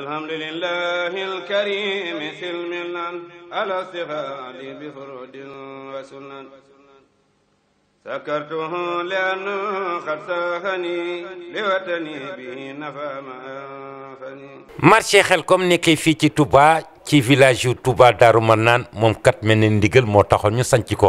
الحمد لله الكريم سلمنا على استفاد بفرد وسنن سكرته لأنه قد ساخني لوطني به نفى ما أنفني marché Xelcom nekkee fii ci Touba ci village yu Touba Darou Manane moom kat mel ni moo taxo ñu sanc ko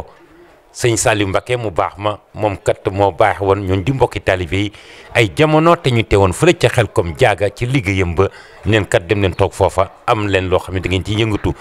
sëñ Saliou Mbacké mu baax ma moom kat moo baax wan ñun di mbokki taalibe yi ay jamono te ñu teewoon fële ca xel comme jaaga ci liggéeyam ba neen kat dem leen toog foofa am leen loo xam ne da ngeen ci yëngatu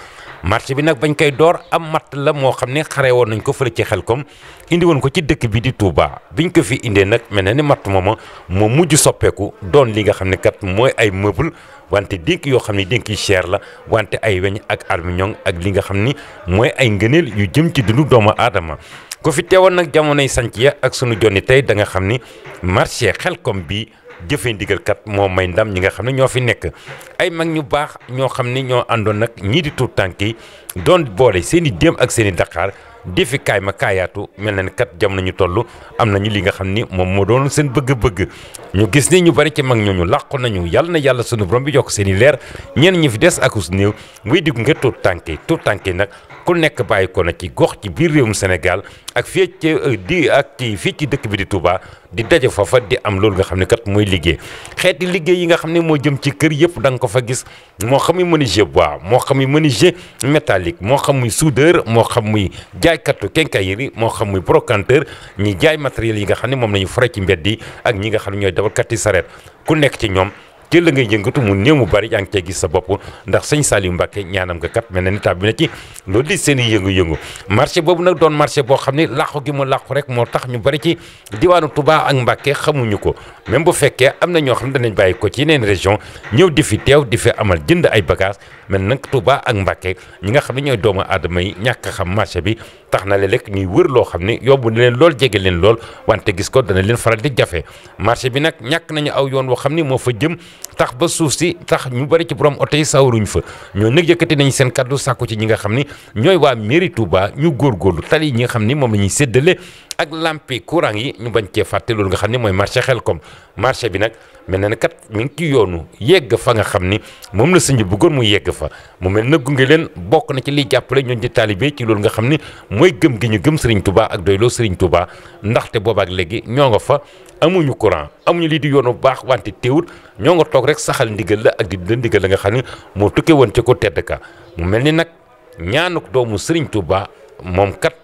marché bi nag bañ koy door am mat la moo xam ne xare woon nañ ko fële ci xel comme indi woon ko ci dëkk bii di Touba biñ ko fi indee nag mel na ni matt mooma moo mujj soppeeku doon li nga xam ne kat mooy ay meuble wante dénk yoo xam ne dénk yi cher la wante ay weñ ak armiñong ak li nga xam ni mooy ay ngëneel yu jëm ci dundu doomu aadama ku fi teewoon nag jamonoy sanc ya ak sunu jonni tey da nga xam ni marché xelkom bii jëfe ndigal kat moo may ndam ñi nga xam ne ñoo fi nekk ay mag ñu baax ñoo xam ne ñoo àndoon nag ñii di tuut tànki doon boole seen i déem ak seen i daqaar defi kaay ma kaayaatu mel na ne kat jamono ñu toll am nañu li nga xam ni moom moo doon seen bëgg-bëgg ñu gis ni ñu bari ci mag ñooñu làqu nañu yàlla na yàlla sunu borom bi yokk seen i leer ñenn ñi fi des akus néew muy digg nga tuut tànk yi tuut nag ku nekk bàyyi kon na ci gox ci biir réewum Sénégal ak fii ci euh, di ak ci fii ci dëkk bi di Touba di daje fa fa di am loolu nga xam ne kat mooy liggéey xeeti liggéey yi nga xam ne moo jëm ci kër yëpp da nga ko fa gis moo xam ni menuisier bois moo xam ni menuisier métallique moo xam muy soudeur moo xam muy jaaykatu quincaillerie moo xam muy brocanteur ñi jaay matériel yi nga xam ne moom la ñu fara ci mbedd yi ak ñi nga xam ne ñooy dawalkati sareet ku nekk ci ñoom. ci la ngay yëngatu mu néew mu bari yaa ngi gis sa bopp ndax sëñ Saliou Mbacke ñaanam nga kat mel na ni tab bi na ci loolu di seen i yëngu-yëngu marché boobu nag doon marché boo xam ne làqu gi mu làqu rek moo tax ñu bari ci diwaanu Touba ak Mbacke xamuñu ko même bu fekkee am na ñoo xam ne danañ bàyyi ko ci yeneen région ñëw di fi teew di amal jënd ay bagage mel nag Touba ak Mbacke ñi nga xam ne ñooy doomu aadama yi ñàkk xam marché bi tax na leen rek ñuy wër loo xam ne yóbbu na leen lool jege leen lool wante gis ko dana leen faral di jafe marché bi nag ñàkk nañu aw yoon woo xam ne moo fa jëm tax ba suuf si tax ñu bari ci borom oto yi sawaruñ fa ñoo nag yëkkati nañu seen kaddu sàkku ci ñi nga xam ni ñooy waa mairie Touba ñu góor góorlu tali yi ñi nga xam ni moom la ñuy séddale ak lampi courant yi ñu bañ cee fàtte loolu nga xam ne mooy xel Xelkom marché bi nag mel na ne kat mi ngi ci yoonu yegg fa nga xam ni moom la sëñ bi bëggoon mu yegg fa mu mel na gunge leen bokk na ci li jàppale ñoo ci taalibe ci loolu nga xam ni mooy gëm gi ñu gëm Serigne Touba ak doyloo Serigne Touba ndaxte boobaak léegi ñoo nga fa amuñu courant amuñu lii di yoonu baax wante teewul ñoo nga toog rek saxal ndigal la ak di dina ndigal la nga xam ni moo tukkee woon ci ko tedd ka mu mel ni nag ñaanuk doomu Serigne Touba moom kat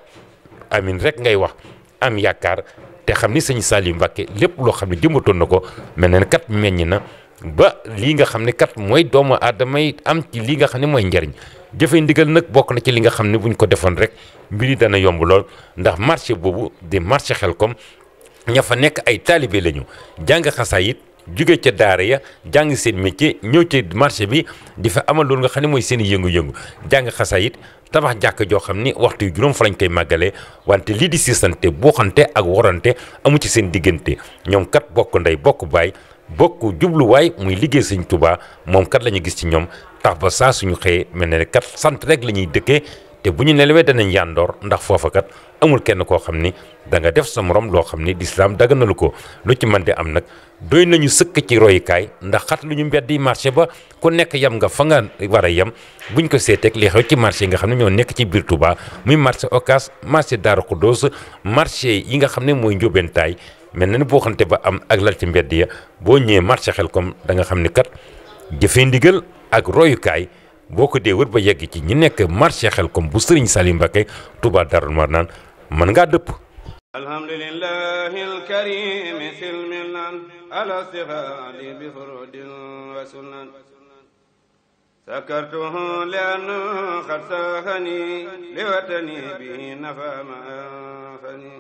amin rek ngay wax am yaakaar te xam ni sëñ Saliou Mbacké lépp loo xam ne jëmmatoon na ko mel na ne kat meññ na ba lii nga xam ne kat mooy doomu aadama yi am ci lii nga xam ne mooy njariñ jëfe ndigal nag bokk na ci li nga xam ne bu ñu ko defoon rek mbir dana yomb lool ndax marché boobu di marché Xelcom ña fa nekk ay taalibe lañu jàng xasaayit jóge ca daar ya jàng seen métier ñëw ci marché bi di fa amal loolu nga xam ne mooy seen yëngu-yëngu jàng xasaayit tabax jàkk joo xam ni waxtu yi juróom fa lañ koy màggalee wante lii di siisante buuxante ak warante amu ci seen diggante ñoom kat bokk ndey bokk baay bokk jubluwaay muy liggéey sëñ Tuubaa moom kat la ñu gis ci ñoom tax ba saa suñu xëyee mel ne kat sant rek la ñuy dëkkee te bu ñu nelawee danañ yàndoor ndax foofa kat amul kenn koo xam ni danga def sa morom loo xam ni lislaam daganalu ko lu ci mën di am nag doy nañu sëkk ci royukaay ndax xat lu ñu mbedd yi marché ba ko nekk yem nga fa nga war a yem ñu ko seeteeg li ci marché yi nga xam ne ñoo nekk ci biir Touba muy marché Ocass marché Darou Khoudoss marché yi nga xam ne mooy njóbentaay mel na ni boo xamante ba am ak lal ci mbedd ya boo ñëwee marché xel comme danga xam ni kat jëfee ndigal ak royukaay. boo ko dee wër ba yegg ci ñi nekk marché Xelcom bu Serigne Salim Mbacké Touba Darou Marnaan mën ngaa dëpp alhamdulillahi alkarim silmilan ala sihali bi furudin wa sunan sakartuhu lianu xad sahani liwatani bi nafa ma fani